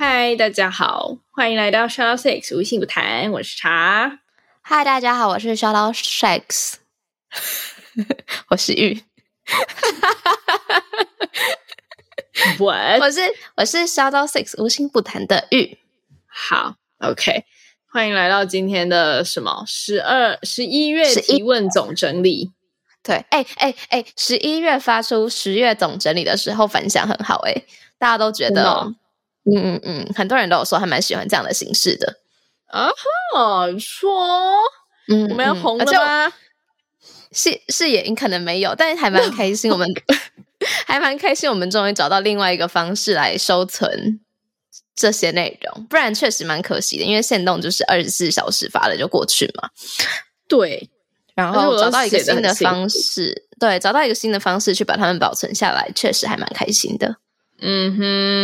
嗨，大家好，歡迎來到 Shout Out Sex 無性不談，我是茶。嗨，大家好，我是 Shout Out Sex， 我是玉。我 我是我是 Shout Out Sex 無性不談的玉。好，OK，歡迎來到今天的什麼十二十一月疑問總整理。對，哎哎哎，十一月發出十月總整理的時候反響很好，欸，哎，大家都覺得。嗯嗯嗯，很多人都有說，還蠻喜歡這樣的形式的。啊哈，說、嗯、我們要紅了嗎、嗯嗯啊？是是，也可能沒有，但是還蠻開心。我們 還蠻開心，我們終於找到另外一個方式來收存這些內容，不然確實蠻可惜的。因為限動就是二十四小時發了就過去嘛。對，然後找到一個新的方式，對，找到一個新的方式去把它們保存下來，確實還蠻開心的。嗯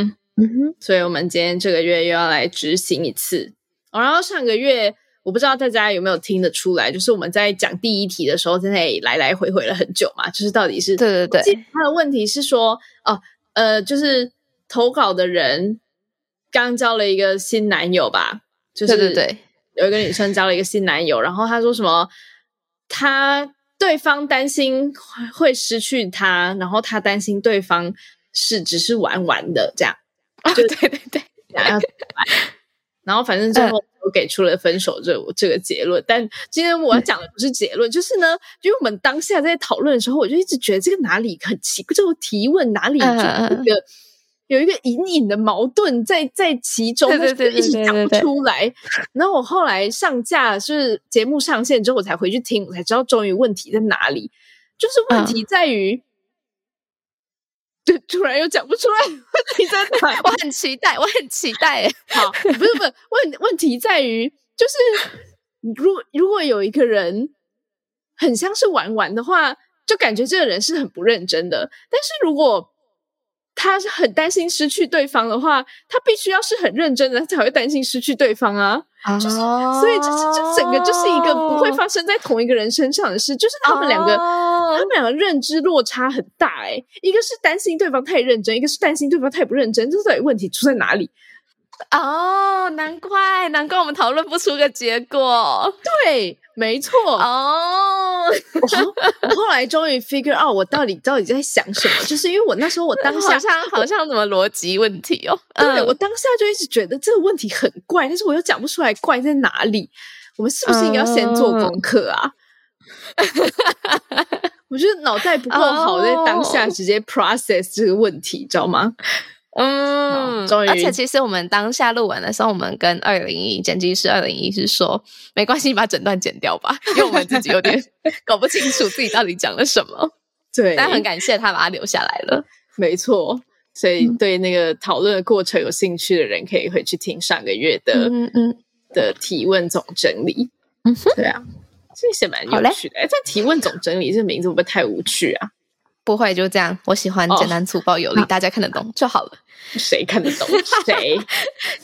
哼。嗯哼，所以我們今天這個月又要來執行一次、哦。然後上個月，我不知道大家有沒有聽得出來，就是我們在講第一題的時候，在那裡來來回回了很久嘛。就是到底是對對對，他的問題是說哦，呃，就是投稿的人剛交了一個新男友吧？就是對對對，有一個女生交了一個新男友，對對對，然後她說什麼？她對方擔心會失去他，然後她擔心對方是只是玩玩的這樣。Oh, 對對對，然後反正最後我給出了分手這這個結論、 嗯，但今天我要講的不是結論，就是呢、嗯，因為我們當下在討論的時候，我就一直覺得這個哪裡很奇怪，就提問哪裡有一個、嗯、有一個隱隱的矛盾在在其中，對對對對對對對一直講不出來。然後我後來上架，就是節目上線之後，我才回去聽，我才知道終於問題在哪裡，就是問題在於，嗯就突然又講不出來，問題在哪？我很期待， 我很期待。好，不是不是，問，問題在於，就是，如果如果有一個人很像是玩玩的話，就感覺這個人是很不認真的。但是如果他是很擔心失去對方的話，他必須要是很認真的，他才會擔心失去對方啊。Oh. 就是，所以這這這整個就是一個不會發生在同一個人身上的事，就是他們兩個，oh. 他們兩個認知落差很大欸。一個是擔心對方太認真，一個是擔心對方太不認真，這到底問題出在哪裡？哦，難怪，難怪我們討論不出個結果。對，沒錯，哦。 我說，我後來終於 figure out 我到底到底在想什麼，就是因為我那時候我當下 好像好像什麼邏輯問題哦，嗯、對，對我當下就一直覺得這個問題很怪，但是我又講不出來怪在哪裡。我們是不是應該先做功課啊？哦、 我覺得腦袋不夠好，在當下直接 process 這個問題，哦、知道嗎？嗯，終於，而且其實我們當下錄完的時候，我們跟二零一剪輯師二零一是說，沒關係，你把整段剪掉吧， 因為我們自己有點搞不清楚自己到底講了什麼。對，但很感謝他把它留下來了。沒錯，所以對那個討論的過程有興趣的人，可以回去聽上個月的嗯嗯的提問總整理。嗯哼，對啊，這些蠻有趣的、欸。哎，這提問總整理這個名字會不會太無趣啊？不會就這樣，我喜歡簡單粗暴有力，oh, 大家看得懂好就好了。誰看得懂？誰？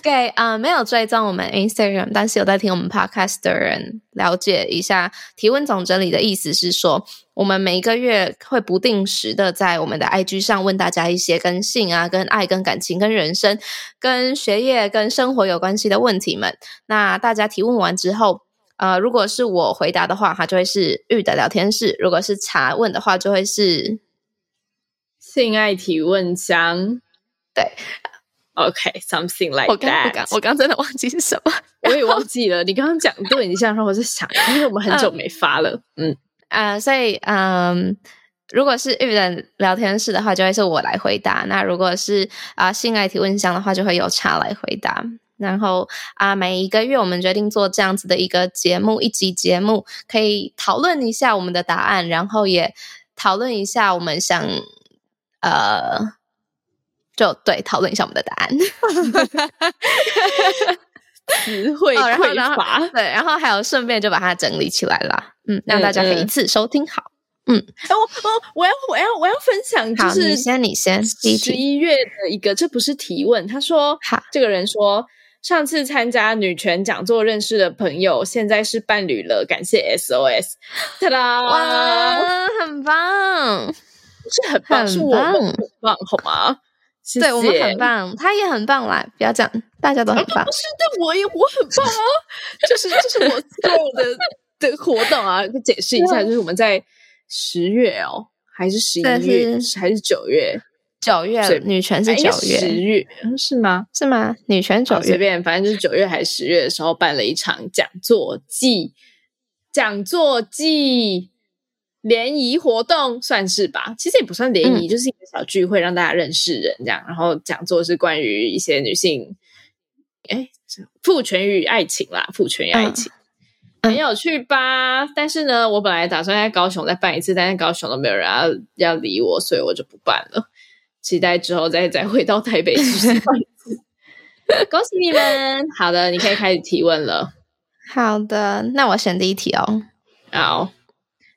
給啊，沒有追蹤我們 Instagram，但是有在聽我們 Podcast 的人，了解一下。提問總整理的意思是說，我們每一個月會不定時的在我們的 IG 上問大家一些跟性啊、跟愛、跟感情、跟人生、跟學業、跟生活有關係的問題們。那大家提問完之後，呃，如果是我回答的話，它就會是 Yu 的聊天室；如果是茶問的話，就會是。性愛提問箱，對，OK，something、okay, like that。我剛，我剛，我剛真的忘記是什麼，我也忘記了。你剛剛講都已經這樣說，我就想，因為我們很久沒發了，嗯啊，嗯 uh, 所以嗯，um, 如果是遇人聊天室的話，就會是我來回答；那如果是啊、uh, 性愛提問箱的話，就會由茶來回答。然後啊，uh, 每一個月我們決定做這樣子的一個節目，一集節目可以討論一下我們的答案，然後也討論一下我們想。呃，就對，討論一下我們的答案。詞彙匱乏，對，然後還有順便就把它整理起來了，嗯，讓大家可以一次收聽好。嗯，嗯欸、我我我要我要我要分享，就是你先你先十一月的一個，這不是提問，他說，這個人說上次參加女權講座認識的朋友，現在是伴侶了，感謝 SOS，噠啦，哇，很棒。是很，很棒，是我，我們很棒，好嗎？謝謝，對，我們很棒，他也很棒啦，來不要講，大家都很棒。不是，對我也我很棒哦、啊、就 是就是我做的的活動啊，可解釋一下， 就是我們在十月哦，還是十一月，還是九月？九月女權是九月，十月、哎月嗯、是嗎？是嗎？女權九月，隨便，反正就是九月還是十月的時候辦了一場講座記，講座記。聯誼活動算是吧，其實也不算聯誼，嗯，就是一個小聚會，讓大家認識人這樣。然後講座是關於一些女性，哎，父權與愛情啦，父權與愛情，嗯，很有趣吧？但是呢，我本來打算在高雄再辦一次，但是高雄都沒有人要要理我，所以我就不辦了。期待之後再再回到台北去辦一次。 恭喜你們！ 好的，你可以開始提問了。好的，那我選第一題哦。好。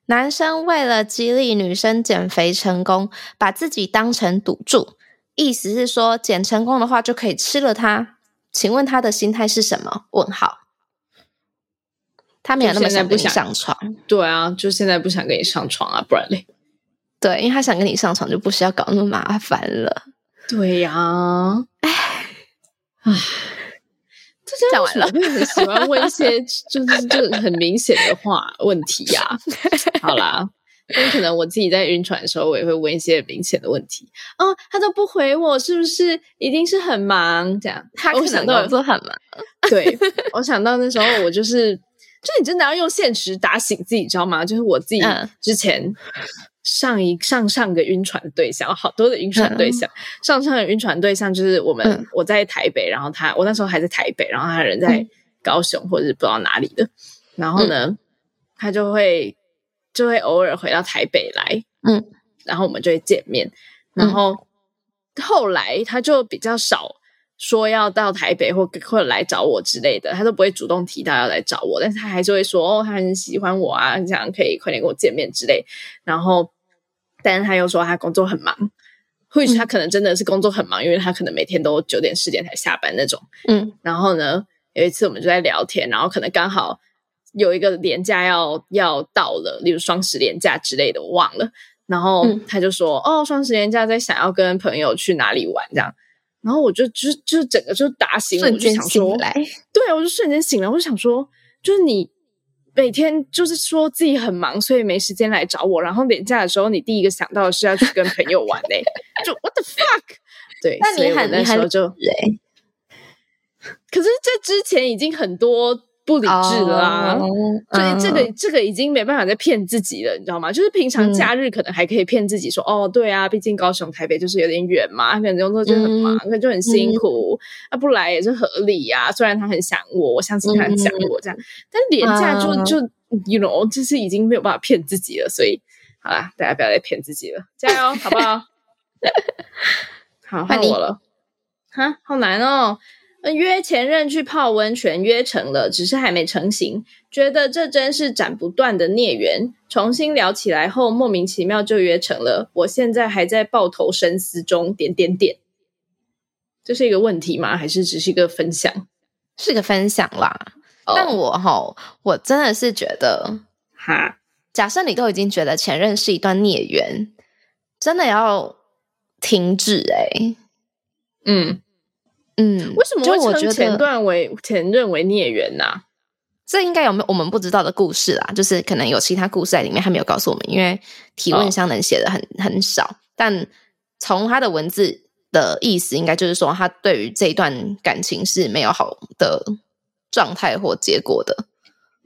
男生為了激勵女生減肥成功，把自己當成賭注，意思是說，減成功的話就可以吃了他。請問他的心態是什麼？問號？他沒有那麼想，不想上床。對啊，就現在不想跟你上床啊，不然嘞？對，因為他想跟你上床，就不需要搞那麼麻煩了。對呀，哎，唉。唉講完了，我很喜歡問一些 就是就是、很明顯的話問題呀、啊。好啦，因為可能我自己在暈船的時候，我也會問一些明顯的問題。哦，他都不回我，是不是一定是很忙？這樣，他哦、我想到我做很忙。對，我想到那時候，我就是就你真的要用現實打醒自己，知道嗎？就是我自己之前。嗯上一上上個暈船對象，好多的暈船對象。嗯、上上個暈船對象就是我們，嗯、我在台北，然後他，我那時候還在台北，然後他人在高雄或者是不知道哪裡的、嗯。然後呢，他就會就會偶爾回到台北來，嗯，然後我們就會見面。然後、嗯、後來他就比較少。說要到台北或或者來找我之類的，他都不會主動提到要來找我，但是他還是會說哦，他很喜歡我啊，很想可以快點跟我見面之類。然後，但是他又說他工作很忙，或許他可能真的是工作很忙，嗯、因為他可能每天都九點十點才下班那種。嗯，然後呢，有一次我們就在聊天，然後可能剛好有一個連假要要到了，例如雙十連假之類的，我忘了。然後他就說、嗯、哦，雙十連假在想要跟朋友去哪裡玩這樣。然後我就就就整個就打醒了，我就想說，對啊，我就瞬間醒了，我就想說，就是你每天就是說自己很忙，所以沒時間來找我，然後連假的時候你第一個想到的是要去跟朋友玩嘞、欸， 就 what the fuck， 對，那你喊的時候就，可是這之前已經很多。不理智啦、啊，oh, uh, 所以這個這個已經沒辦法再騙自己了，你知道嗎？就是平常假日可能還可以騙自己說，嗯、哦，對啊，畢竟高雄、台北就是有點遠嘛，可能工作就很忙、嗯，可能就很辛苦，他、嗯啊、不來也是合理呀、啊。雖然他很想我，我相信他很想我這樣，嗯、但是連假就就、uh, you know，就是已經沒有辦法騙自己了。所以，好啦，大家不要再騙自己了，加油，好不好？ 好，換我了，哈，好難哦。嗯、約前任去泡溫泉，約成了，只是還沒成型。覺得這真是斬不斷的孽緣。重新聊起來後，莫名其妙就約成了。我現在還在抱頭深思中。點點點，這是一個問題嗎？還是只是一個分享？是個分享啦。Oh. 但我吼，我真的是覺得，哈，假設你都已經覺得前任是一段孽緣，真的要停止誒、欸、嗯。嗯，為什麼就我覺得前段為前任為孽緣吶、啊？這應該有沒有我們不知道的故事啦？就是可能有其他故事在裡面，還沒有告訴我們。因為提問箱能寫的很、哦、很少，但從他的文字的意思，應該就是說他對於這段感情是沒有好的狀態或結果的。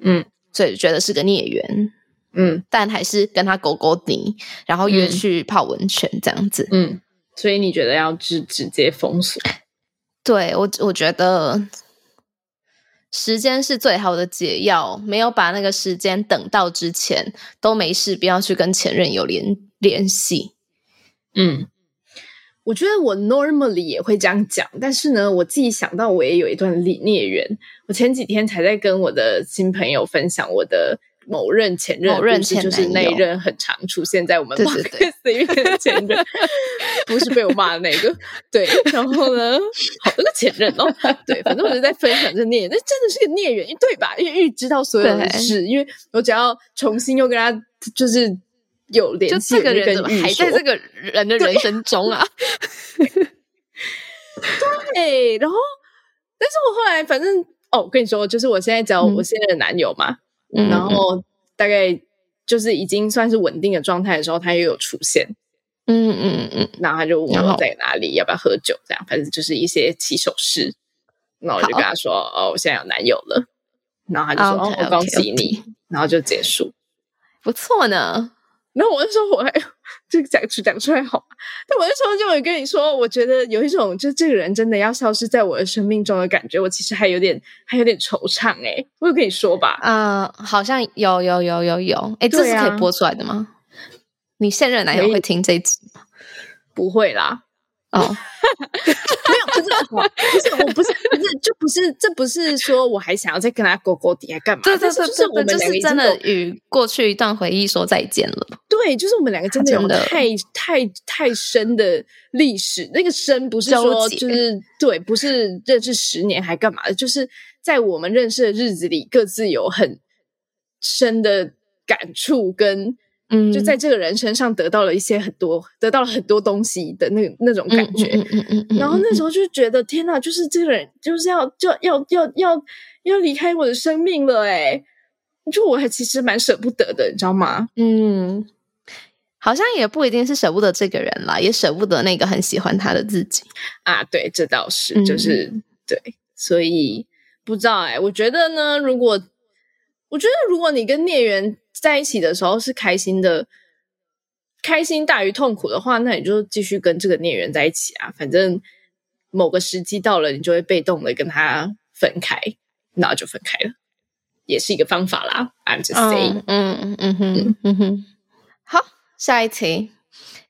嗯，所以覺得是個孽緣。嗯，但還是跟他勾勾鼻，然後約去泡溫泉這樣子嗯。嗯，所以你覺得要直直接封鎖？對，我，我覺得時間是最好的解藥。沒有把那個時間等到之前，都沒事，不要去跟前任有聯聯繫。嗯，我覺得我 normally 也會這樣講，但是呢，我自己想到我也有一段孽孽緣。我前幾天才在跟我的新朋友分享我的。某任前任，前任就是那一任很常出現在我們面前的前任， 不是被我罵的那個。 前哦、 對，然後呢，好多個前任哦。對，反正我就在分享這孽緣，那真的是個孽緣因對吧？因為預知到所有的事，因為我只要重新又跟他就是有聯繫，就這個人怎麼還在這個人的人生中啊？對， 對然後，但是我後來反正哦，跟你說，就是我現在找我現在的男友嘛。嗯嗯嗯然後大概就是已經算是穩定的狀態的時候，他又有出現，嗯嗯嗯，然後他就問我在哪裡，要不要喝酒，這樣反正就是一些起手式。那我就跟他說：“哦，我現在有男友了。”然後他就說：“哦，恭喜你。”然後就結束，不錯呢。那我就說，我還這個講出講出來好嗎？那我那時候就會跟你說，我覺得有一種，就這個人真的要消失在我的生命中的感覺，我其實還有點還有點惆悵誒、欸。我有跟你說吧。啊、呃，好像有有有有有，哎，這是可以播出來的嗎？啊、你現任男友會聽這一集嗎？不會啦。哦。 不 是我，就是、我不是，不是，就不是，這不是說我還想要再跟他勾勾底，還幹嘛？對對對，是就是我們真、就是真的與過去一段回憶說再見了。對，就是我們兩個真的有太的太太深的歷史，那個深不是說就是、嗯、對，不是認識十年還幹嘛，就是在我們認識的日子裡，各自有很深的感觸跟。嗯，就在這個人身上得到了一些很多，得到了很多東西的那那種感覺，嗯嗯嗯嗯。然後那時候就覺得，天哪，就是這個人就是要就要要要要離開我的生命了哎，欸，就我還其實蠻捨不得的，你知道嗎？嗯，好像也不一定是捨不得這個人啦，也捨不得那個很喜歡他的自己啊。對，這倒是，就是、嗯、對，所以不知道哎，欸，我覺得呢，如果。我覺得，如果你跟孽緣在一起的時候是開心的，開心大於痛苦的話，那你就繼續跟這個孽緣在一起啊。反正某個時機到了，你就會被動的跟他分開，那就分開了，也是一個方法啦。I'm just saying. Um, 嗯。嗯嗯嗯嗯嗯哼。好，下一題，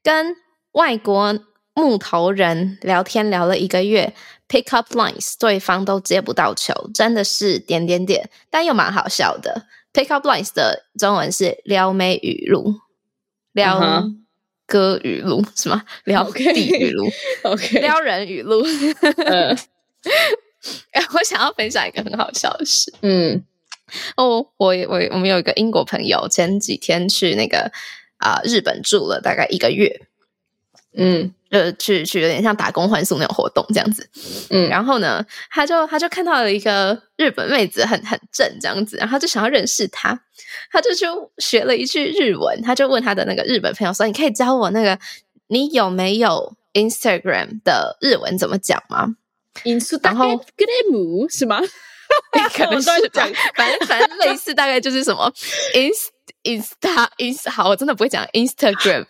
跟外國木頭人聊天聊了一個月。Pick up lines，對方都接不到球，真的是點點點，但又蠻好笑的。Pick up lines 的中文是撩妹語錄、撩哥語錄是嗎？撩弟語錄、uh -huh. okay. Okay. 撩人語錄。 uh. 我想要分享一個很好笑的事。嗯，哦、oh,，我我我們有一個英國朋友，前幾天去那個啊、呃、日本住了大概一個月。嗯。呃，去去有點像打工換宿那種活動這樣子，嗯，然後呢，他就他就看到了一個日本妹子，很很正這樣子，然後他就想要認識他，他就去學了一句日文，他就問他的那個日本朋友說：“你可以教我那個你有沒有 Instagram 的日文怎麼講嗎？” Instagram，然後 gram 是嗎？ 可能是講，反 正反正類似，大概就是什麼 inst Instagram，Insta, Insta, 好，我真的不會講 Instagram，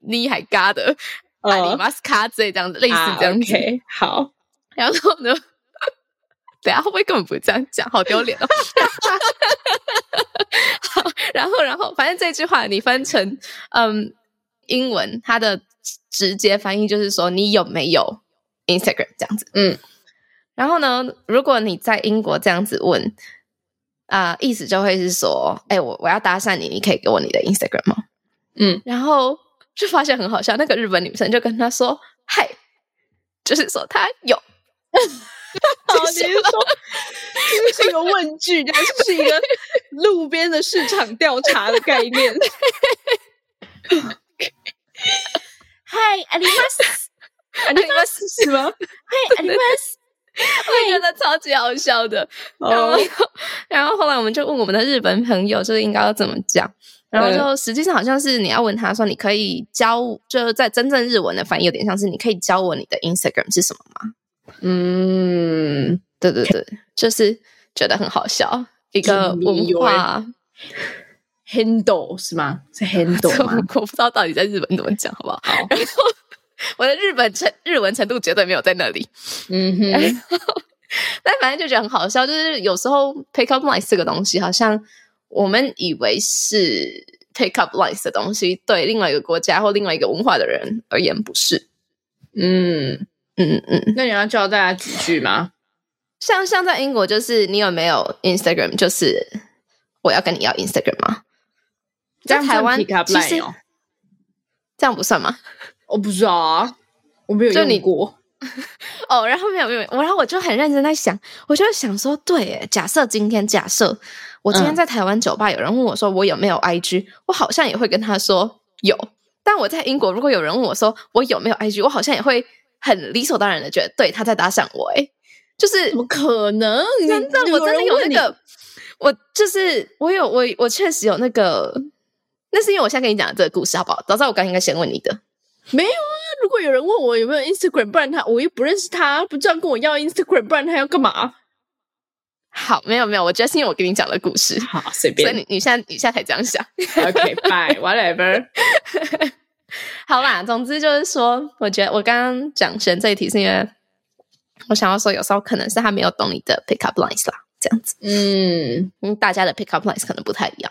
你還嘎的。阿里馬斯卡之類這樣子，類似這樣子。OK，好。然後呢？等下會不會根本不會這樣講？好丟臉哦！ 好，然後，然後，反正這句話你翻成嗯英文，它的直接翻譯就是說你有沒有 Instagram 這樣子？嗯。然後呢？如果你在英國這樣子問啊、呃，意思就會是說，哎，我我要搭訕你，你可以給我你的 Instagram 嗎？嗯。然後。就發現很好笑，那個日本女生就跟她說：“嗨，就是說她有， 啊、你說 這是一個問句，這是是一個路邊的市場調查的概念？”嗨，animals，animals，嗨，animals，我真的超級好笑的。Oh. 然後，然後，後來我們就問我們的日本朋友，這個就是應該要怎麼講？然後就實際上好像是你要問他說，你可以教，就是在真正日文的翻譯有點像是你可以教我你的 Instagram 是什麼嗎？嗯，對對對，就是覺得很好笑，一個文化，化 handle 是嗎？是 handle 嗎？ 我不知道到底在日本怎麼講，好不好？ 好，然後我的日本成日文程度絕對沒有在那裡。嗯哼， 但反正就覺得很好笑，就是有時候 pick up line 這個東西好像，我們以為是 pick up lines 的東西，對另外一個國家或另外一個文化的人而言不是。嗯嗯嗯，那你要教大家幾句嗎？像像在英國，就是你有沒有 Instagram，就是我要跟你要 Instagram 嗎？在台灣、哦，其實這樣不算嗎？我、哦、不知道、啊，我沒有就你國。 哦、oh，然後沒有沒有，我然後我就很認真在想，我就想說，對，假設今天，假設我今天在台灣酒吧，有人問我說我有沒有 IG，、嗯、我好像也會跟他說有。但我在英國，如果有人問我說我有沒有 IG，我好像也會很理所當然的覺得，對，他在打賞我，哎，就是怎麼可能？真的，我真的有那個，我就是我有我我確實有那個，那是因為我現在跟你講的這個故事好不好？早知道我剛剛應該先問你的，沒有啊。如果有人問我有沒有 Instagram，不然他我又不認識他，不知道跟我要 Instagram，不然他要幹嘛？好，沒有沒有，我覺得是因為我跟你講的故事，好隨便。所以你你現在你現在才這樣想？OK，Bye，Whatever。Okay, bye, whatever. 好啦，總之就是說，我覺得我剛剛講先這一題，是因為我想要說，有時候可能是他沒有懂你的 pickup lines 啦，這樣子。嗯，因為大家的 pickup lines 可能不太一樣。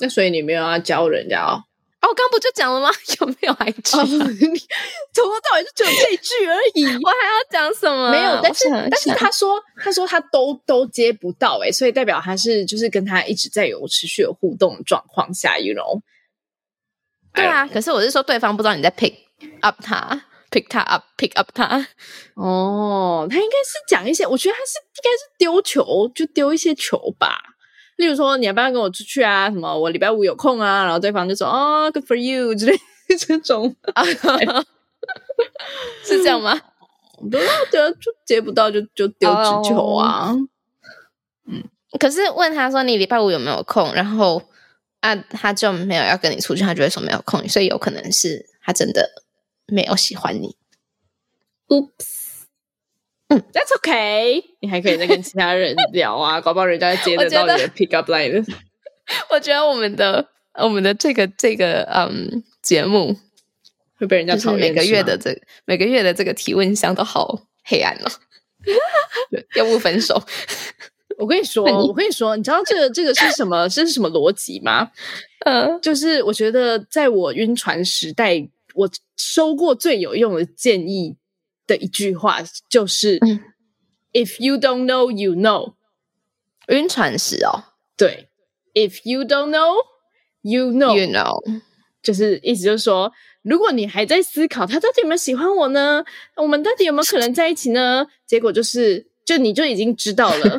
那所以你沒有要教人家哦？哦，我剛不就講了嗎？有沒有來拒、啊？從、哦、頭到尾就只有這句而已， 我還要講什麼？沒有，但是想想但是他說，他說他都都接不到、欸，誒，所以代表他是就是跟他一直在有持續的互動狀況下 you know。對啊，可是我是說對方不知道你在 pick up 他，pick 他 up，pick up 他。哦，他應該是講一些，我覺得他是應該是丟球，就丟一些球吧。例如說，你要不要跟我出去啊？什麼？我禮拜五有空啊？然後對方就說：“哦、 oh,，good for you” 之類這種， I don't know. 是這樣嗎？不 得 就接不到就，就就丟紙球啊。嗯、oh.，可是問他說你禮拜五有沒有空？然後啊，他就沒有要跟你出去，他就會說沒有空。所以有可能是他真的沒有喜歡你。Oops、oh. 嗯。嗯、That's okay，你還可以再跟其他人聊啊， 搞不好人家接得到你的 pick up line。我覺得，我，覺得我們的我們的這個這個嗯節目會被人家吵每個月的這每個月的這個提問箱都好黑暗了、哦。 要不分手？ 我跟你說，我跟你說，你知道這個這個是什麼這是什麼邏輯嗎？嗯， 就是我覺得在我暈船時代，我收過最有用的建議。的一句話就是、嗯、：“If you don't know, you know。”暈船時哦，對，“If you don't know, you know, you know。”就是意思就是說，如果你還在思考他到底有沒有喜歡我呢，我們到底有沒有可能在一起呢？結果就是，就你就已經知道了，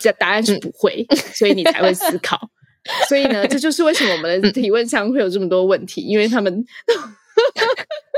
這 答案是不會、嗯，所以你才會思考。 所以呢，這就是為什麼我們的提問箱會有這麼多問題，嗯、因為他們。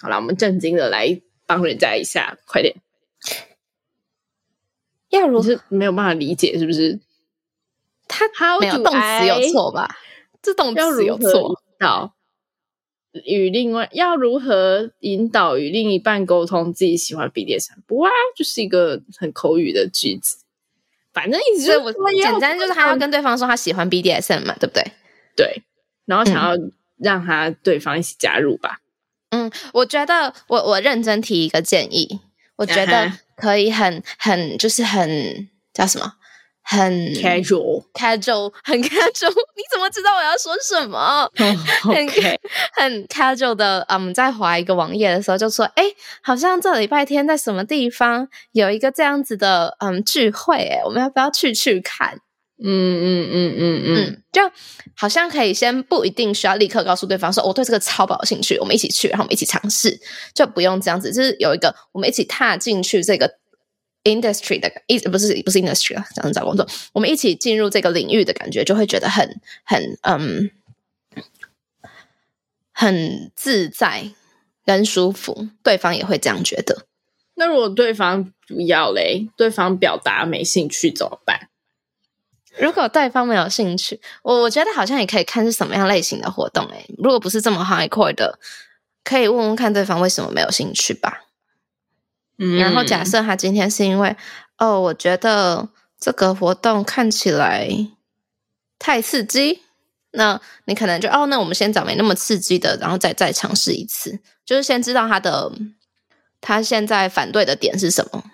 好了，我們正經的來幫人家一下，快點。要如何你是沒有辦法理解，是不是？他好，動詞有錯吧？這動詞有錯，導與另外要如何引導與另一半溝通？自己喜歡 BDSM。不啊就是一個很口語的句子。反正意思就是很簡單，就是他要跟對方說他喜歡 BDSM 嘛，對不對？對，然後想要、嗯、讓他對方一起加入吧。嗯，我覺得我我認真提一個建議，我覺得可以很、Uh-huh. 很就是很叫什麼很 casual casual 很 casual。你怎麼知道我要說什麼？Oh, okay. 很很 casual 的，嗯，在滑一個網頁的時候就說，哎、欸，好像這禮拜天在什麼地方有一個這樣子的嗯聚會、欸，我們要不要去去看？嗯嗯嗯嗯嗯，就好像可以先不一定需要立刻告訴對方說我、哦，對這個超有興趣，我們一起去，然後我們一起嘗試，就不用這樣子，就是有一個我們一起踏進去這個 industry 的，一不是，不是 industry 啊，這樣找工作，我們一起進入這個領域的感覺，就會覺得很很嗯很自在跟舒服，對方也會這樣覺得。那如果對方不要嘞，對方表達沒興趣怎麼辦？如果對方沒有興趣，我我覺得好像也可以看是什麼樣類型的活動誒。如果不是這麼 high quality 的，可以問問看對方為什麼沒有興趣吧。嗯，然後假設他今天是因為哦，我覺得這個活動看起來太刺激，那你可能就哦，那我們先找沒那麼刺激的，然後再再嘗試一次。就是先知道他的他現在反對的點是什麼。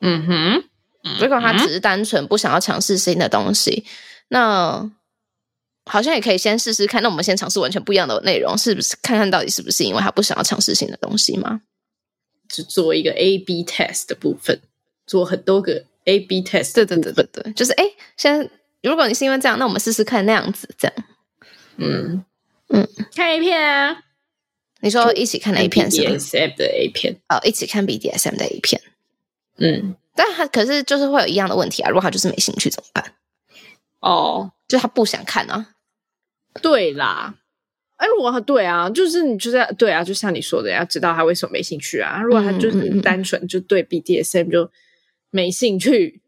嗯哼。如果他只是單純不想要嘗試新的東西，嗯、那好像也可以先試試看。那我們先嘗試完全不一樣的內容，是不是？看看到底是不是因為他不想要嘗試新的東西嘛？就做一個 A/B test 的部分，做很多個 A/B test，對對對對對，就是哎、欸，先如果你是因為這樣，那我們試試看那樣子這樣，嗯嗯，看 A 片啊？你說一起看 A 片是嗎？BDSM 的 A 片哦，oh, 一起看 BDSM 的 A 片，嗯。但他可是就是會有一樣的問題啊！如果他就是沒興趣怎麼辦？哦、oh.，就他不想看啊？對啦，哎，如果他對啊，就是你就在對啊，就像你說的，要知道他為什麼沒興趣啊！如果他就是單純就對 BDSM 就沒興趣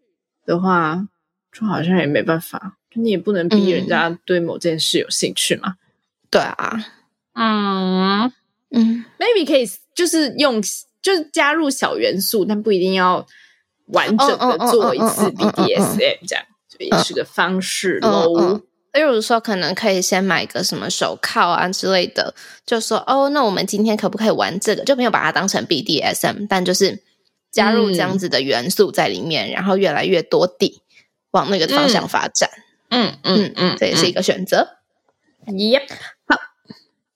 的話，mm -hmm. 就好像也沒辦法，你也不能逼人家對某件事有興趣嘛？Mm -hmm. 對啊，嗯、mm、嗯 -hmm.，maybe 可以就是用就是加入小元素，但不一定要。完整的做一次 BDSM 這樣，這、啊、也是個方式咯。例、啊嗯嗯嗯、如說，可能可以先買個什麼手銬啊之類的，就說哦，那我們今天可不可以玩這個？就沒有把它當成 BDSM，但就是加入這樣子的元素在裡面，嗯、然後越來越多地往那個方向發展。嗯嗯嗯，uhm, 這也是一個選擇。嗯、yep 好, skilled belts punch,、yeah. 好，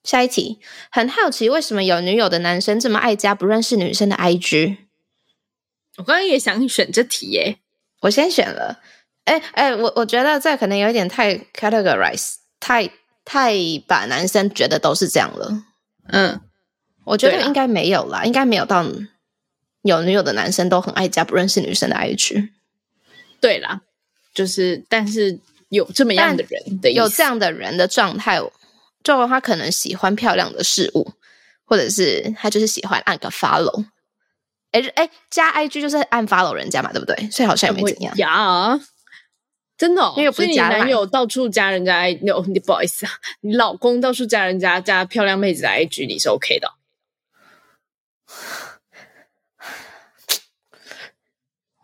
下一題。很好奇，為什麼有女友的男生這麼愛加不認識女生的 IG？我剛剛也想選這題耶，我先選了。哎、欸、哎、欸，我我覺得這可能有點太 categorize，太太把男生覺得都是這樣了。嗯，我覺得應該沒有啦，啊、應該沒有到有女友的男生都很愛加，不認識女生的 IG。對啦，就是但是有這麼樣的人的意思，有這樣的人的狀態，就他可能喜歡漂亮的事物，或者是他就是喜歡按個 follow。哎、欸、加 I G 就是按 follow 人家嘛，對不對？所以好像也沒怎樣。啊呀啊、真的、哦，因為不是你男友到處加人家 I、 no, 你不好意思啊。你老公到處加人家加漂亮妹子的 I G，你是 O、okay、K 的。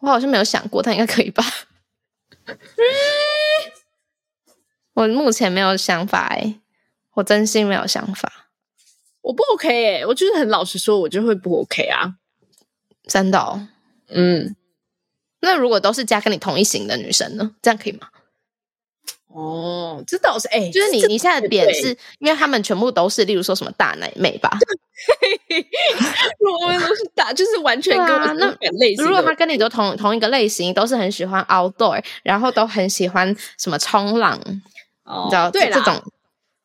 我好像沒有想過，但應該可以吧？ 我目前沒有想法、欸，哎，我真心沒有想法。我不 O K 哎，我就是很老實說，我就會不 O、okay、K 啊。三道，嗯，那如果都是加跟你同一型的女生呢？這樣可以嗎？哦，這倒是，哎、欸，就是你，是你現在的點是因為他們全部都是，例如說什麼大奶妹吧， 我們都是大，就是完全跟我們類型、啊、那如果她跟你都同同一個類型，都是很喜歡 outdoor，然後都很喜歡什麼衝浪，對、哦、知道對這，這種，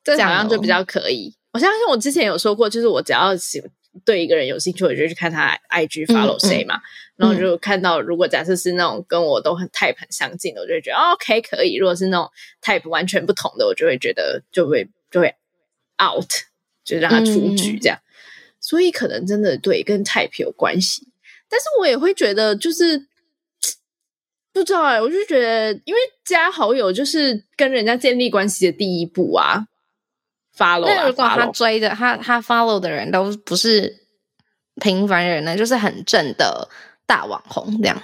這樣就比較可以。嗯、我相信我之前有說過，就是我只要喜。對一個人有興趣，我就去看他 IG follow 誰嘛，嗯嗯、然後就看到如果假設是那種跟我都很 type 很相近的，我就會覺得、哦、OK 可以；如果是那種 type 完全不同的，我就會覺得就會就會 out，就讓他出局這樣。嗯、所以可能真的對跟 type 有關係，但是我也會覺得就是不知道哎、欸，我就覺得因為加好友就是跟人家建立關係的第一步啊。那、啊、如果他追的、follow、他他 follow 的人都不是平凡人呢？就是很正的大網紅這樣，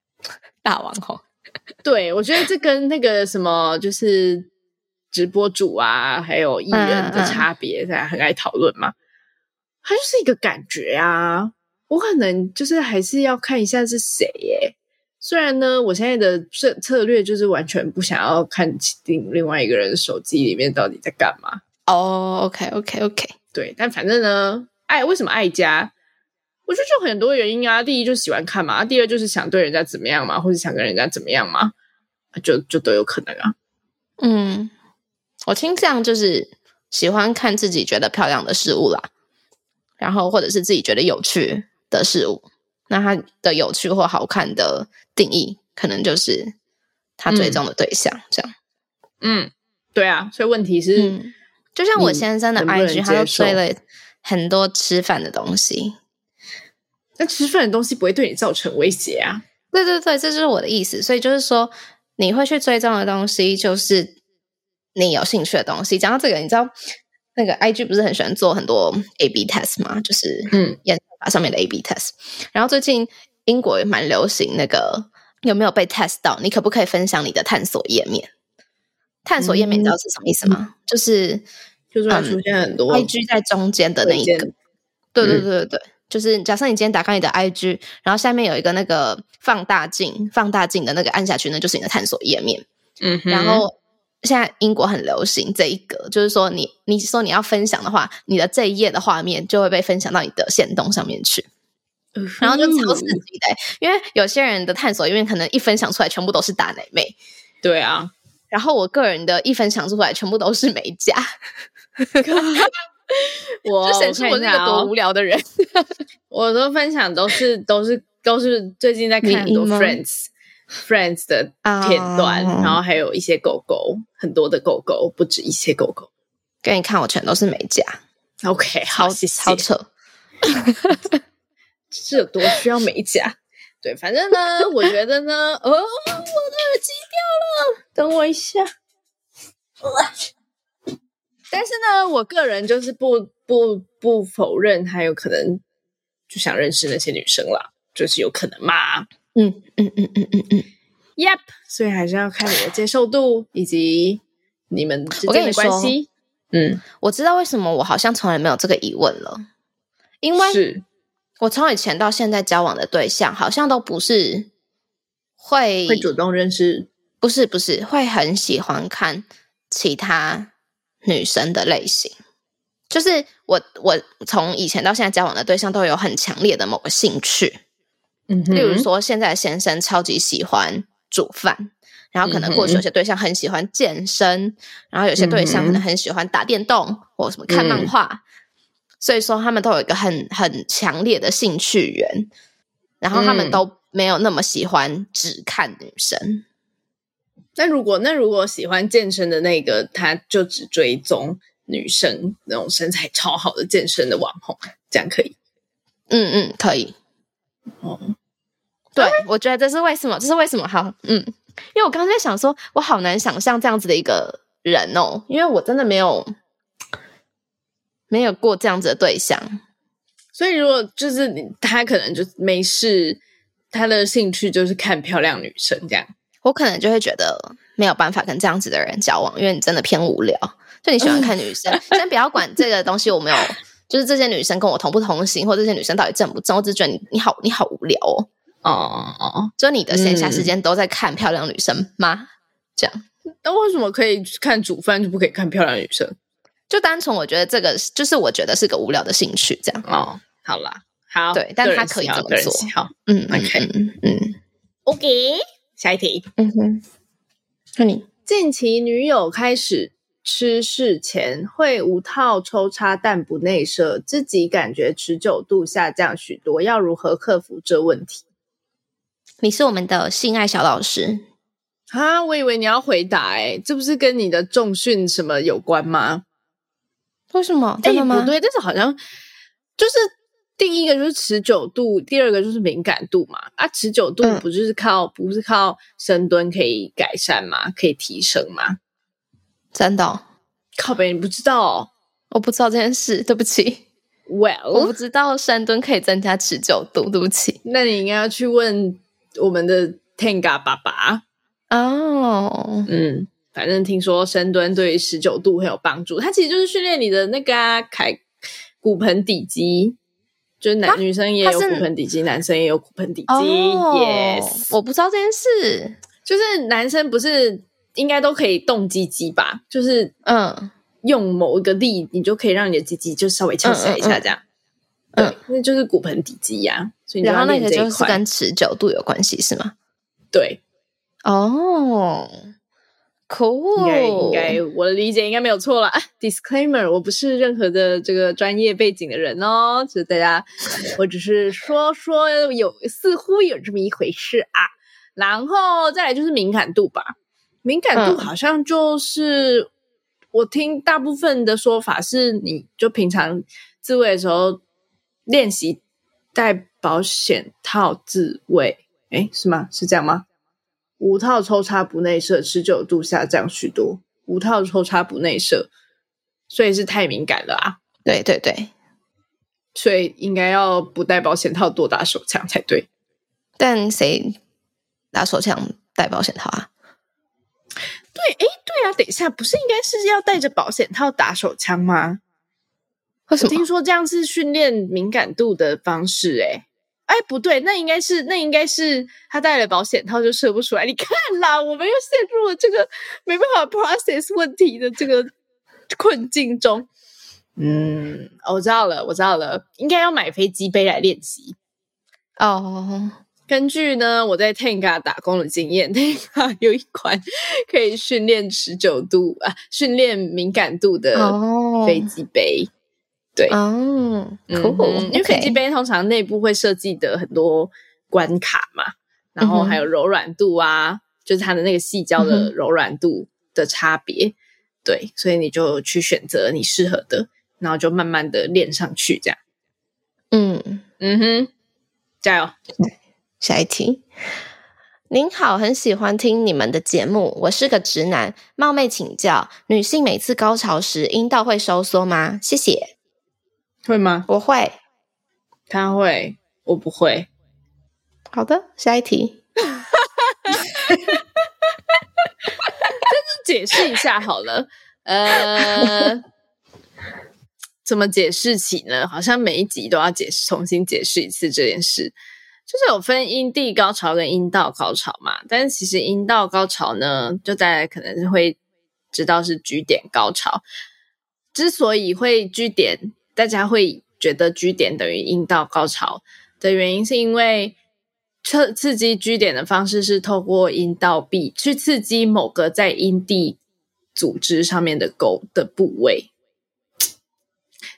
大網紅， 對，我覺得這跟那個什麼就是直播主啊， 還有藝人的差別，大、嗯、家、嗯嗯、很愛討論嘛。他就是一個感覺啊，我可能就是還是要看一下是誰耶、欸。雖然呢，我現在的策策略就是完全不想要看另另外一個人手機裡面到底在幹嘛。哦、oh,，OK，OK，OK，okay, okay, okay. 對，但反正呢，愛為什麼愛家，我覺得就很多原因啊。第一就是喜歡看嘛，第二就是想對人家怎麼樣嘛，或者想跟人家怎麼樣嘛，就就都有可能啊。嗯，我傾向就是喜歡看自己覺得漂亮的事物啦，然後或者是自己覺得有趣的事物。那它的有趣或好看的定義，可能就是它最終的對象、嗯、這樣。嗯，對啊，所以問題是。嗯就像我先生的 IG，能能他都追了很多吃飯的東西。那吃飯的東西不會對你造成威脅啊？對對對，這就是我的意思。所以就是說，你會去追蹤的東西，就是你有興趣的東西。講到這個，你知道那個 IG 不是很喜歡做很多 AB test 嗎？就是嗯，研發上面的 AB test、嗯。然後最近英國也蠻流行那個有沒有被 test 到？你可不可以分享你的探索頁面？探索頁面你知道是什麼意思嗎？嗯、就是、嗯、就是出現很多、嗯、IG 在中間的那一個，對對對對對，嗯、就是假設你今天打開你的 IG，然後下面有一個那個放大鏡，放大鏡的那個按下去呢，那就是你的探索頁面、嗯。然後現在英國很流行這一個，就是說你你說你要分享的話，你的這一頁的畫面就會被分享到你的限動上面去，嗯、然後就超刺激的、欸，因為有些人的探索頁面可能一分享出來，全部都是大奶妹。對啊。然後我個人的一分享出來，全部都是美甲。我 就顯示我那個多無聊的人。 我的分享都是 都是都是最近在看很多 Friends Friends 的片段，oh. 然後還有一些狗狗，很多的狗狗，不止一些狗狗。 給你看，我全都是美甲。OK，好，好扯，這 有多需要美甲。 對，反正呢，我覺得呢， 哦，我的基調。等我一下，但是呢，我個人就是不不不否認他有可能就想認識那些女生啦，就是有可能嘛。嗯嗯嗯嗯嗯嗯，Yep。所以還是要看你的接受度 以及你們之間的關係。嗯，我知道為什麼我好像從來沒有這個疑問了，因為我從以前到現在交往的對象好像都不是會會主動認識。不是不是，會很喜歡看其他女生的類型，就是我，我從以前到現在交往的對象都有很強烈的某個興趣，嗯，例如說現在的先生超級喜歡煮飯，然後可能過去有些對象很喜歡健身，嗯、然後有些對象可能很喜歡打電動、嗯、或什麼看漫畫、嗯，所以說他們都有一個很，很強烈的興趣源，然後他們都沒有那麼喜歡只看女生。那如果那如果喜歡健身的那個，他就只追蹤女生那種身材超好的健身的網紅，這樣可以？嗯嗯，可以。哦、嗯，對，okay. 我覺得這是為什麼，這是為什麼？好，嗯，因為我剛才在想說，我好難想象這樣子的一個人哦，因為我真的沒有沒有過這樣子的對象。所以如果就是他可能就沒事，他的興趣就是看漂亮女生這樣。我可能就會覺得沒有辦法跟這樣子的人交往，因為你真的偏無聊，就你喜歡看女生。先、嗯、不要管這個東西，我沒有， 就是這些女生跟我同不同行，或者這些女生到底正不正，我只覺得你，你好，你好無聊哦。哦哦哦，就你的閒暇時間都在看漂亮女生嗎？嗯、這樣？那為什麼可以看煮飯就不可以看漂亮女生？就單純我覺得這個就是我覺得是個無聊的興趣這樣。哦，好啦，好，對，但他可以這麼做。好，好，嗯，OK，嗯，嗯，OK。下一題，嗯哼，你近期女友開始吃事前會無套抽插，但不內射，自己感覺持久度下降許多，要如何克服這問題？你是我們的性愛小老師啊！我以為你要回答、欸，哎，這不是跟你的重訓什麼有關嗎？為什麼？真的嗎、欸、不對，但是好像就是。第一個就是持久度，第二個就是敏感度嘛。啊，持久度不就是靠、嗯、不是靠深蹲可以改善嗎？可以提升嗎？真的、哦？靠北。你不知道、哦？我不知道這件事，對不起。Well, 我不知道深蹲可以增加持久度，對不起。那你應該要去問我們的 Tenga 爸爸哦、oh。嗯，反正聽說深蹲對持久度很有幫助，它其實就是訓練你的那個凱、啊、骨盆底肌。就是男女生也有骨盆底肌，男生也有骨盆底肌，也、oh, yes，我不知道這件事。就是男生不是應該都可以動雞雞吧？就是嗯，用某一個力，你就可以讓你的雞雞就稍微翹起來一下，這樣。嗯，嗯，嗯，對，那就是骨盆底肌呀，啊。所以然後那個就是跟持久度有關係，是嗎？對。哦、oh.。口誤，應該，我的理解應該沒有錯了。啊，Disclaimer，我不是任何的這個專業背景的人哦，所以大家我只是說說有，有似乎有這麼一回事啊。然後再來就是敏感度吧，敏感度好像就是、嗯、我聽大部分的說法是，你就平常自慰的時候練習戴保險套自慰，誒，是嗎？是這樣嗎？無套抽插不內射，持久度下降許多。無套抽插不內射，所以是太敏感了啊！對對對，所以應該要不帶保險套多打手槍才對。但誰打手槍帶保險套啊？對，哎，對啊，等一下，不是應該是要帶着保險套打手槍嗎？我聽說這樣是訓練敏感度的方式、欸，哎。哎，不對，那應該是那應該是他戴了保險套就射不出來。你看啦，我們又陷入了這個沒辦法 process 問題的這個困境中。嗯，哦，我知道了，我知道了，應該要買飛機杯來練習。哦，根據呢我在 Tenga 打工的經驗，Tenga 有一款可以訓練持久度啊，訓練敏感度的飛機杯。哦對哦、嗯酷酷，因為飛機杯通常內部會設計的很多關卡嘛，嗯、然後還有柔軟度啊、嗯，就是它的那個矽膠的柔軟度的差別、嗯，對，所以你就去選擇你適合的，然後就慢慢的練上去這樣。嗯嗯哼，加油。下一題，您好，很喜歡聽你們的節目，我是個直男，冒昧請教，女性每次高潮時陰道會收縮嗎？謝謝。會嗎？我會，他會，我不會。好的，下一題。就 次 解釋一下好了，呃， 怎麼解釋起呢？好像每一集都要解釋，重新解釋一次這件事。就是有分陰蒂高潮跟陰道高潮嘛，但是其實陰道高潮呢，就大家可能會知道是 G 點高潮。之所以會 G 點。大家會覺得 G 點等於陰道高潮的原因，是因為刺刺激 G 點的方式是透過陰道壁去刺激某個在陰蒂組織上面的溝的部位，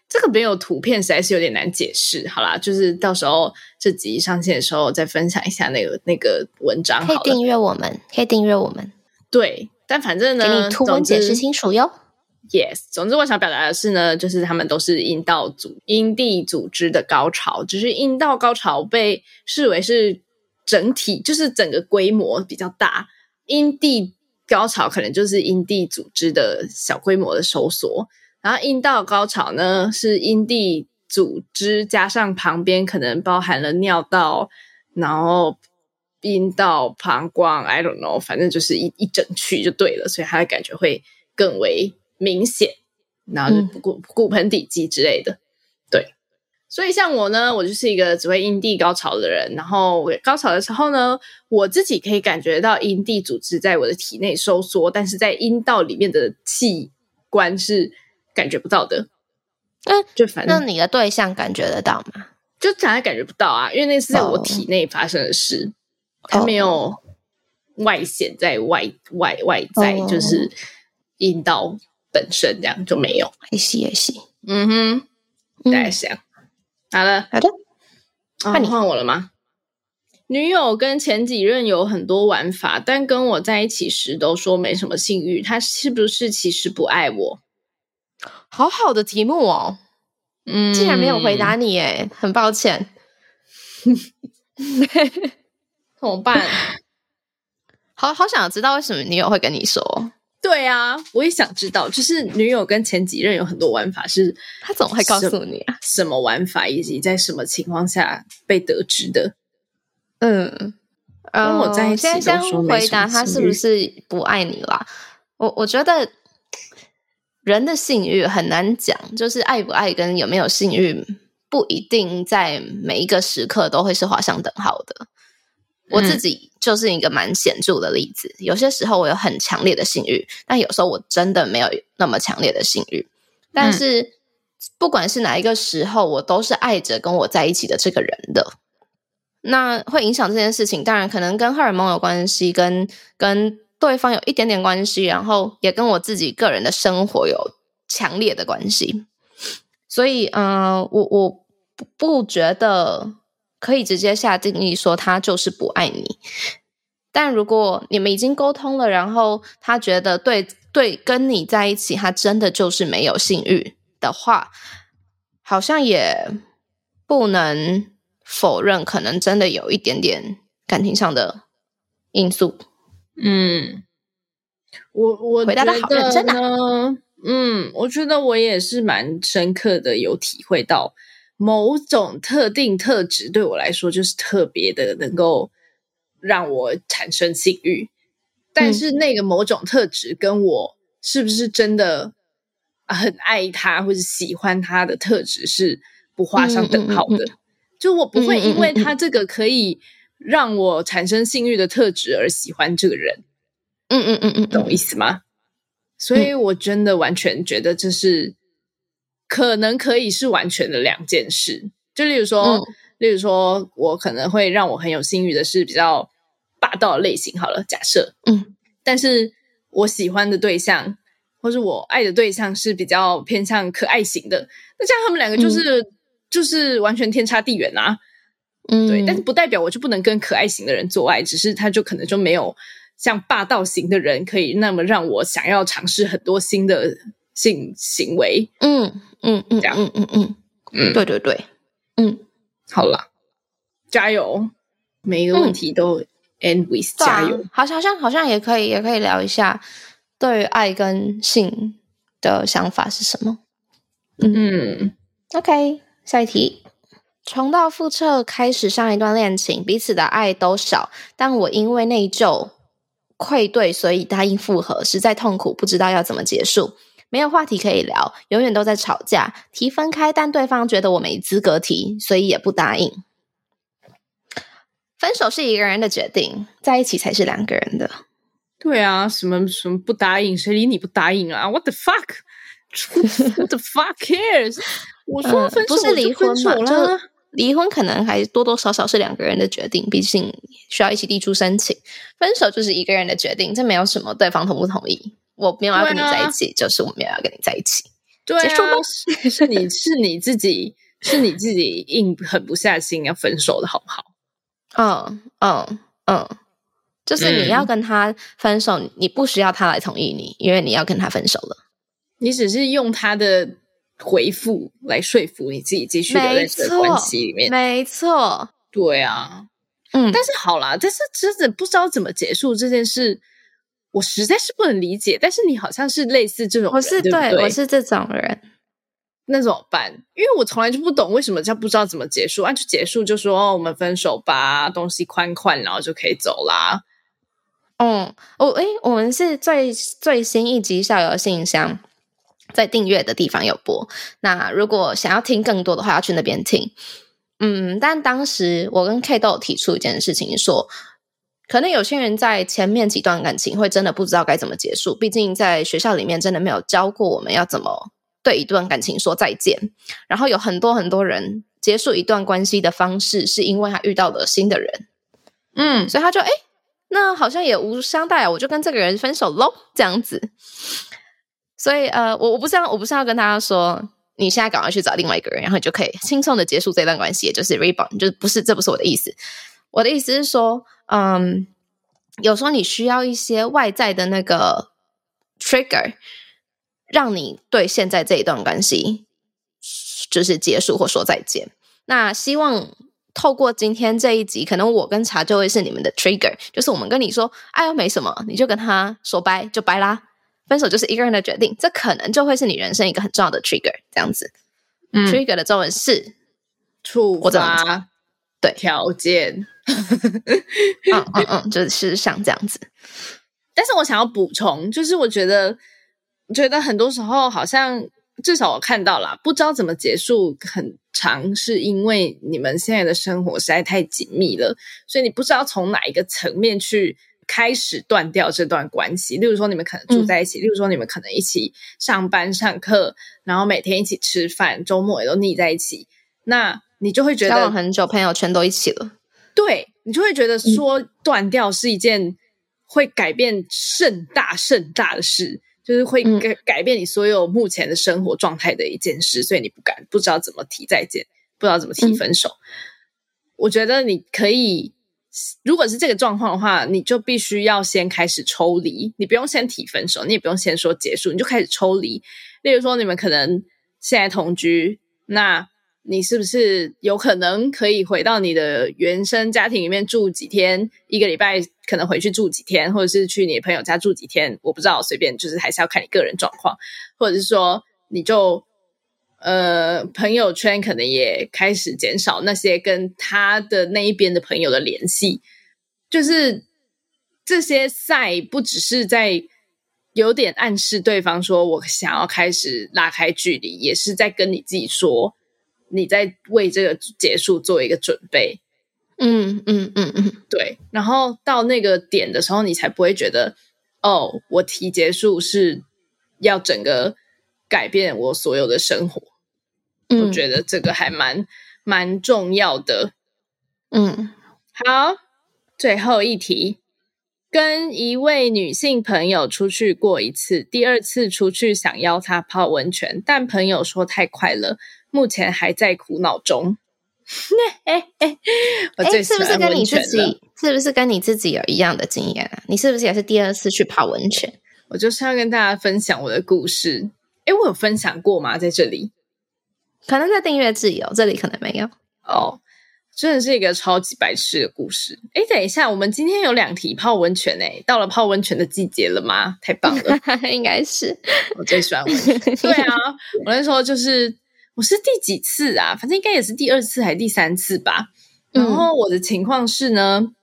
這個沒有圖片，實在是有點難解釋。好啦，就是到時候這集上線的時候再分享一下那個那個文章好。可以訂閱我們，可以訂閱我們。對，但反正呢，給你圖文解釋清楚喲。Yes，總之我想表達的是呢，就是他們都是陰道組、陰蒂組織的高潮，只、就是陰道高潮被視為是整體，就是整個規模比較大。陰蒂高潮可能就是陰蒂組織的小規模的收縮，然後陰道高潮呢是陰蒂組織加上旁邊可能包含了尿道，然後陰道、膀胱，I don't know，反正就是一一整區就對了，所以它的感覺會更為。明顯，然後就骨骨盆底肌之類的、嗯，對。所以像我呢，我就是一個只會陰蒂高潮的人。然後高潮的時候呢，我自己可以感覺到陰蒂組織在我的體內收縮，但是在陰道裡面的器官是感覺不到的。嗯，就反正那你的對象感覺得到嗎？就當然感覺不到啊，因為那是在我體內發生的事，oh. 它沒有外顯在外外外在，oh. 就是陰道。本身這樣就沒有，也行也，嗯哼，大概這樣好了，好的。那你換、哦、我了嗎？女友跟前幾任有很多玩法，但跟我在一起時都說沒什麼性慾，她是不是其實不愛我？好好的題目哦，嗯，竟然沒有回答你哎，很抱歉， 怎麼辦？ 好好想，知道為什麼女友會跟你說。對啊，我也想知道，就是女友跟前幾任有很多玩法，是她總會告訴你啊？什麼玩法，以及在什麼情況下被得知的？嗯，嗯、呃，我在，現在先回答他是不是不愛你啦，啊。我我覺得人的性欲很難講，就是愛不愛跟有沒有性欲不一定在每一個時刻都會是劃上等號的。我自己、嗯。就是一個蠻顯著的例子。有些時候我有很強烈的性欲，但有時候我真的沒有那麼強烈的性欲。但是，嗯，不管是哪一個時候，我都是愛着跟我在一起的這個人的。那會影響這件事情，當然可能跟荷爾蒙有關係，跟跟對方有一點點關係，然後也跟我自己個人的生活有強烈的關係。所以，嗯，呃，我我不不覺得。可以直接下定義說他就是不愛你，但如果你們已經溝通了，然後他覺得對對跟你在一起，他真的就是沒有性欲的話，好像也不能否認，可能真的有一點點感情上的因素。嗯，我我回答的好認真啊。嗯，我覺得我也是蠻深刻的，有體會到。某種特定特質對我來說就是特別的，能夠讓我產生性慾，嗯。但是那個某種特質跟我是不是真的很愛他或者喜歡他的特質是不畫上等號的，嗯嗯嗯嗯。就我不會因為他這個可以讓我產生性慾的特質而喜歡這個人。嗯嗯嗯嗯，嗯，懂我意思嗎？所以我真的完全覺得這是。可能可以是完全的兩件事，就例如說，嗯、例如說我可能會讓我很有性慾的是比較霸道的類型，好了，假設，嗯，但是我喜歡的對象，或是我愛的對象是比較偏向可愛型的，那這樣他們兩個就是、嗯、就是完全天差地遠啊，嗯，對，但是不代表我就不能跟可愛型的人做愛，只是他就可能就沒有像霸道型的人可以那麼讓我想要嘗試很多新的。性行為，嗯嗯嗯，這樣，嗯嗯嗯，對對對，嗯，好了，加油，每個問題都 end、嗯、with、啊、加油，好像好像好像也可以也可以聊一下，對愛跟性的想法是什麼？嗯，嗯，OK，下一題，重蹈覆轍開始上一段戀情，彼此的愛都少，但我因為內疚愧對，所以答應復合，實在痛苦，不知道要怎麼結束。沒有話題可以聊，永遠都在吵架。提分開，但對方覺得我沒資格提，所以也不答應。分手是一個人的決定，在一起才是兩個人的。對啊，什麼什麼不答應，誰理你不答應啊？What the fuck？What the fuck cares？我說分手，分手，嗯，是離婚嘛？離婚可能還多多少少是兩個人的決定，畢竟需要一起提出申請。分手就是一個人的決定，這沒有什麼對方同不同意。我沒有要跟你在一起，啊，就是我沒有要跟你在一起。結對、啊，是是你是你自己，是你自己硬狠不下心要分手的好不好？嗯嗯嗯，就是你要跟他分手，嗯，你不需要他來同意你，因為你要跟他分手了。你只是用他的回復來說服你自己繼續留在這個關係裡面。沒錯，對啊，嗯。但是好啦，但是真的不知道怎麼結束這件事。我實在是不能理解，但是你好像是類似這種人，我是對，對，對不對？我是這種人，那怎麼辦？因為我從來就不懂為什麼叫不知道怎麼結束，按、啊、就結束，就說、哦、我們分手吧，東西寬寬，然後就可以走啦。嗯，我、哦、哎，我們是最最新一集《校友的信箱》在訂閱的地方有播，那如果想要聽更多的話，要去那邊聽。嗯，但當時我跟 K 都有提出一件事情說。可能有些人在前面幾段感情會真的不知道該怎麼結束，畢竟在學校裡面真的沒有教過我們要怎麼對一段感情說再見。然後有很多很多人結束一段關係的方式是因為他遇到了新的人，嗯，所以他就哎，那好像也無傷大雅，我就跟這個人分手嘍，這樣子。所以呃，我我不是要我不是要跟大家說，你現在趕快去找另外一個人，然後就可以輕鬆的結束這段關係，也就是 rebound，就是不是這不是我的意思。我的意思是說，嗯，有時候你需要一些外在的那個 trigger，讓你對現在這一段關係就是結束或說再見。那希望透過今天這一集，可能我跟茶就會是你們的 trigger，就是我們跟你說哎呦、哎、沒什麼，你就跟他說拜就拜啦，分手就是一個人的決定，這可能就會是你人生一個很重要的 trigger，這樣子。嗯、trigger 的中文是觸發，對，條件。 嗯嗯嗯，就是像這樣子。但是我想要補充，就是我覺得，覺得很多時候好像至少我看到了、啊，不知道怎麼結束，很長是因為你們現在的生活實在太緊密了，所以你不知道從哪一個層面去開始斷掉這段關係。例如說，你們可能住在一起，嗯、例如說，你們可能一起上班、上課，然後每天一起吃飯，週末也都膩在一起，那你就會覺得很久，朋友圈都一起了。對，你就會覺得說斷掉是一件會改變甚大甚大的事，就是會改改變你所有目前的生活狀態的一件事，所以你不敢，不知道怎麼提再見，不知道怎麼提分手。嗯。我覺得你可以，如果是這個狀況的話，你就必須要先開始抽離，你不用先提分手，你也不用先說結束，你就開始抽離。例如說，你們可能現在同居，那。你是不是有可能可以回到你的原生家庭裡面住幾天？一個禮拜可能回去住幾天，或者是去你朋友家住幾天？我不知道，隨便就是，還是要看你個人狀況，或者是說你就呃朋友圈可能也開始減少那些跟他的那一邊的朋友的聯繫，就是這些賽不只是在有點暗示對方說我想要開始拉開距離，也是在跟你自己說。你在為這個結束做一個準備，嗯嗯嗯嗯，對。然後到那個點的時候，你才不會覺得哦，我提結束是要整個改變我所有的生活。嗯，我覺得這個還蠻蠻重要的。嗯，好，最後一題。跟一位女性朋友出去過一次，第二次出去想要她泡溫泉，但朋友說太快了。目前還在苦惱中。 欸欸、我哎哎、欸！是不是跟你自己，是不是跟你自己有一樣的經驗啊？你是不是也是第二次去泡溫泉？我就是要跟大家分享我的故事。哎、欸，我有分享過嗎？在這裡？可能在訂閱制有，這裡可能沒有。哦、oh，真的是一個超級白痴的故事。哎、欸，等一下，我們今天有兩題泡溫泉誒，到了泡溫泉的季節了嗎？太棒了， 應該是。我最喜歡溫泉 對啊，我那時候就是。我是第幾次啊？反正應該也是第二次還是第三次吧。然後我的情況是呢，嗯、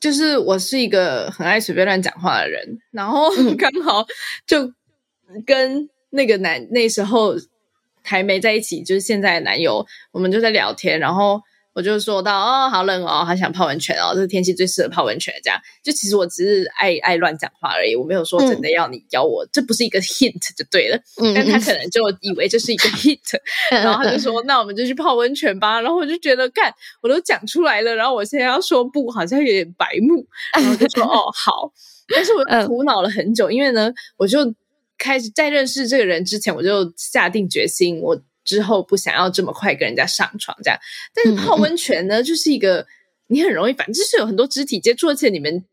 就是我是一個很愛隨便亂講話的人。然後剛好就跟那個男、嗯、那時候還沒在一起，就是現在的男友，我們就在聊天，然後。我就說到哦，好冷哦，好想泡溫泉哦，這天氣最適合泡溫泉這樣，就其實我只是愛愛亂講話而已，我沒有說真的要你邀我、嗯，這不是一個 hint 就對了、嗯。但他可能就以為這是一個 hint、嗯、然後他就說、嗯、那我們就去泡溫泉吧。然後我就覺得幹，我都講出來了，然後我現在要說不好像有點白目，然後就說、嗯、哦好，但是我苦惱了很久，因為呢，我就開始在認識這個人之前，我就下定決心我。之後不想要這麼快跟人家上床這樣，但是泡溫泉呢，嗯嗯，就是一個你很容易，反正就是有很多肢體接觸，而且你們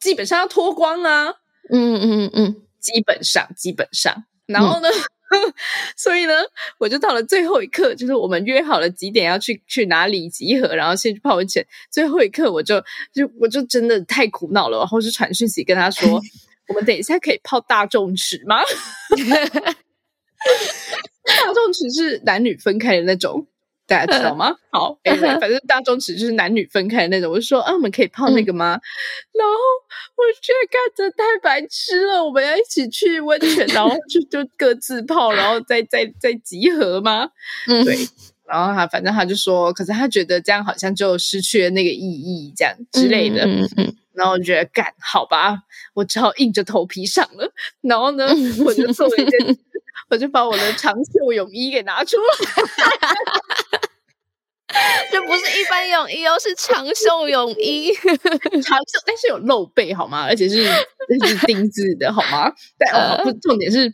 基本上要脫光啊，嗯嗯嗯嗯，基本上基本上，然後呢、嗯，所以呢，我就到了最後一刻，就是我們約好了幾點要去去哪裡集合，然後先去泡溫泉，最後一刻我就就我就真的太苦惱了，然後就傳訊息跟他說， 我們等一下可以泡大眾池嗎？ 只是男女分開的那種，大家知道嗎？嗯、好、欸嗯，反正大眾池，就是男女分開的那種。我就說，啊，我們可以泡那個嗎？嗯、然後我覺得幹這太白痴了。我們要一起去溫泉，然後就就各自泡， 然後再再再集合嗎、嗯？對。然後他反正他就說，可是他覺得這樣好像就失去了那個意義，這樣之類的。嗯嗯，嗯。然後我覺得幹，好吧，我只好硬着頭皮上了。然後呢，我就做了一件。 我就把我的長袖泳衣給拿出來， 這 不是一般泳衣哦，是長袖泳衣，長 袖，但是有露背好嗎？而且是而且是定制的好嗎？對， 不、哦、重點是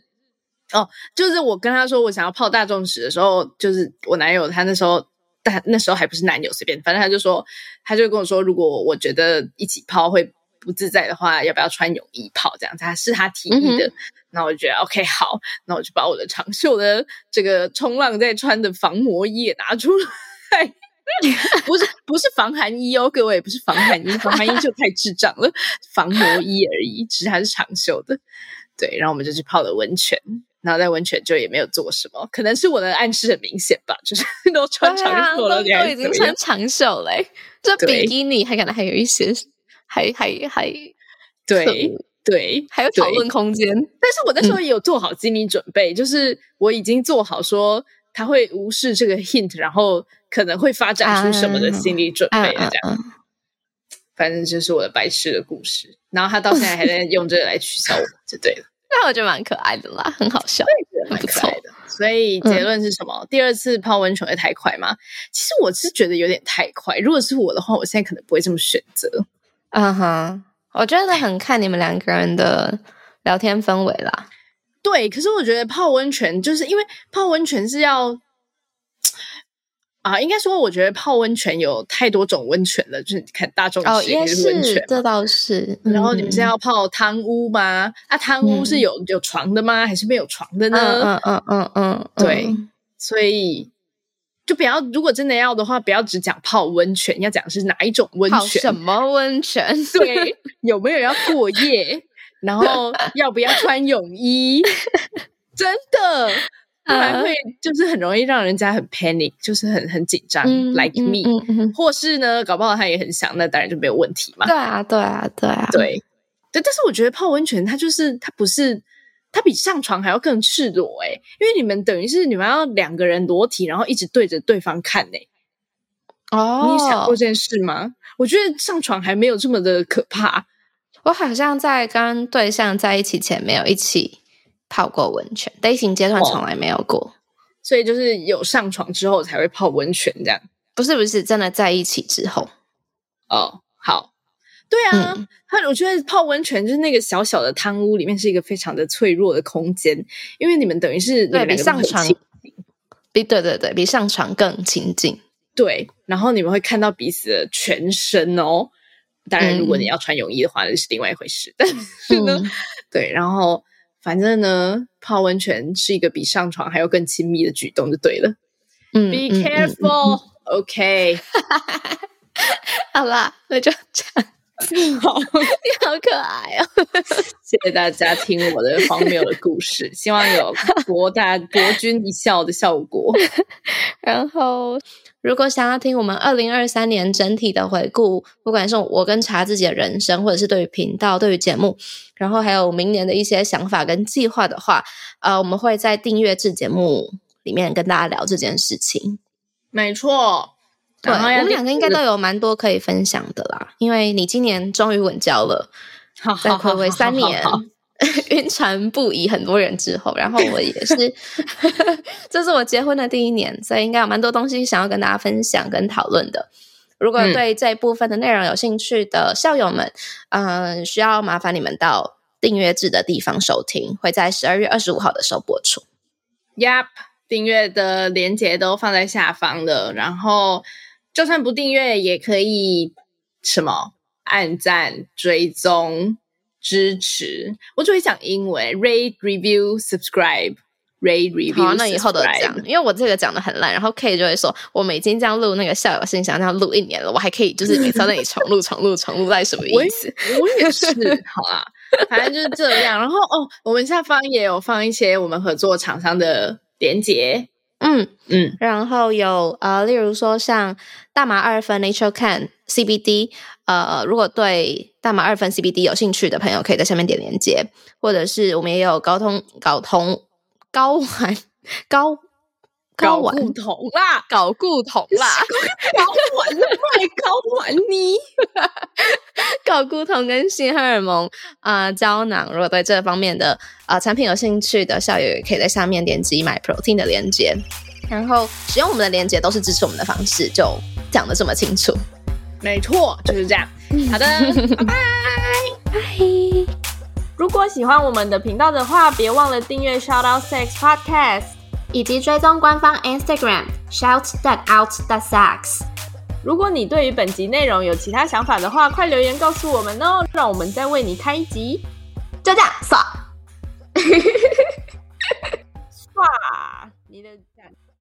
哦，就是我跟他說我想要泡大眾池的時候，就是我男友他那時候，但那時候還不是男友，隨便，反正他就說，他就跟我說，如果我覺得一起泡會。不自在的話，要不要穿泳衣泡這樣？他是他提議的，那、嗯、我就覺得 OK 好，那我就把我的長袖的這個衝浪在穿的防磨衣也拿出來。 不是不是防寒衣哦，各位不是防寒衣，防寒衣就太智障了， 防磨衣而已。其實還是長袖的。對，然後我們就去泡了溫泉，然後在溫泉就也沒有做什麼。可能是我的暗示很明顯吧，就是都穿長袖了、啊，都已經穿長袖了，這比基尼還可能還有一些。還還還，對對，還有討論空間、嗯。但是我那時候也有做好心理準備、嗯，就是我已經做好說他會無視這個 hint，然後可能會發展出什麼的心理準備這樣、啊啊啊啊。反正就是我的白痴的故事。然後他到現在還在用這個來取笑我，就對了。嗯、 那我就覺得蠻可愛的啦，很好笑，蠻可愛的。所以結論是什麼、嗯？第二次泡溫泉會太快嗎？其實我是覺得有點太快。如果是我的話，我現在可能不會這麼選擇。嗯哼，我真的很看你們兩個人的聊天氛圍啦。對，可是我覺得泡溫泉就是因為泡溫泉是要啊、呃，應該說我覺得泡溫泉有太多種溫泉了，就是你看大眾哦，是溫泉，這倒是嗯嗯。然後你們是要泡湯屋嗎？啊，湯屋是有有床的嗎？還是沒有床的呢？嗯嗯嗯嗯嗯，嗯，對，所以。就不要，如果真的要的話，不要只講泡溫泉，要講是哪一種溫泉？什麼溫泉？對， 有沒有要過夜？ 然後要不要穿泳衣？ 真的，不然會就是很容易讓人家很 panic，就是很很緊張、嗯、，like me、嗯嗯嗯嗯。或是呢，搞不好他也很想，那當然就沒有問題嘛。對啊，對啊，對啊，對。但但是我覺得泡溫泉，它就是它不是。它比上床還要更赤裸誒、欸，因為你們等於是你們要兩個人裸體，然後一直對着對方看呢、欸。哦，你想過這件事嗎？我覺得上床還沒有這麼的可怕。我好像在跟對象在一起前沒有一起泡過溫泉，dating 階段從來沒有過、哦，所以就是有上床之後才會泡溫泉這樣。不是不是，真的在一起之後。哦，好。對啊，他，嗯、我覺得泡溫泉就是那個小小的湯屋裡面是一個非常的脆弱的空間，因為你們等於是對比上床比對對對比上床更親近，對，然後你們會看到彼此的全身哦。當然，如果你要穿泳衣的話，就，嗯，是另外一回事。但是呢，嗯，對，然後反正呢，泡溫泉是一個比上床還要更親密的舉動，就對了。嗯，Be careful，嗯嗯嗯嗯嗯，OK。 好啦，那就這樣。你 好，你好可愛哦！ 謝謝大家聽我的荒謬的故事， 希望有博大博君一笑的效果。 然後，如果想要聽我們二零二三年整體的回顧，不管是我跟茶自己的人生，或者是對於頻道、對於節目，然後還有明年的一些想法跟計劃的話，呃，我們會在訂閱制節目裡面跟大家聊這件事情。沒錯。對，我們兩個應該都有蠻多可以分享的啦，因為你今年終於穩交了，好再過過三年暈船 不已，很多人之後，然後我也是， 這是我結婚的第一年，所以應該有蠻多東西想要跟大家分享跟討論的。如果對這一部分的內容有興趣的校友們，嗯、呃，需要麻煩你們到訂閱制的地方收聽，會在十二月二十五號的時候播出。Yup，訂閱的鏈接都放在下方了，然後。就算不訂閱也可以，什麼按讚追蹤支持。我就會講英文，rate review subscribe rate review。那以後都講因為我這個講的很爛。然後 k 就會說，我們已經這樣錄那個校友信箱，這樣錄一年了，我還可以就是每次在那裡重錄、 重錄、重錄，在什麼意思？我也,我也是， 好啦，反正就是這樣。然後哦，我們下方也有放一些我們合作廠商的連結。嗯嗯，然後有呃，例如說像大麻二酚 Naturecan、CBD，呃，如果對大麻二酚 CBD 有興趣的朋友，可以在下面點連接，或者是我們也有睪酮、睪酮、高還高。高睪固酮啦，睪固酮啦，睪丸的你睾丸呢？睾固酮 跟性荷爾蒙啊、呃、膠囊，如果對這方面的啊、呃、產品有興趣的校友，也可以在下面點擊 MyProtein 的鏈接，然後使用我們的鏈接都是支持我們的方式，就講得這麼清楚，沒錯，就是這樣。好、嗯、的，拜拜。 如果喜歡我們的頻道的話，別忘了訂閱 Shout Out Sex Podcast。以及追蹤官方 Instagram shout.out.sex，如果你對於本集內容有其他想法的話，快留言告訴我們哦，讓我們再為你開一集。就這樣，刷，刷 你的。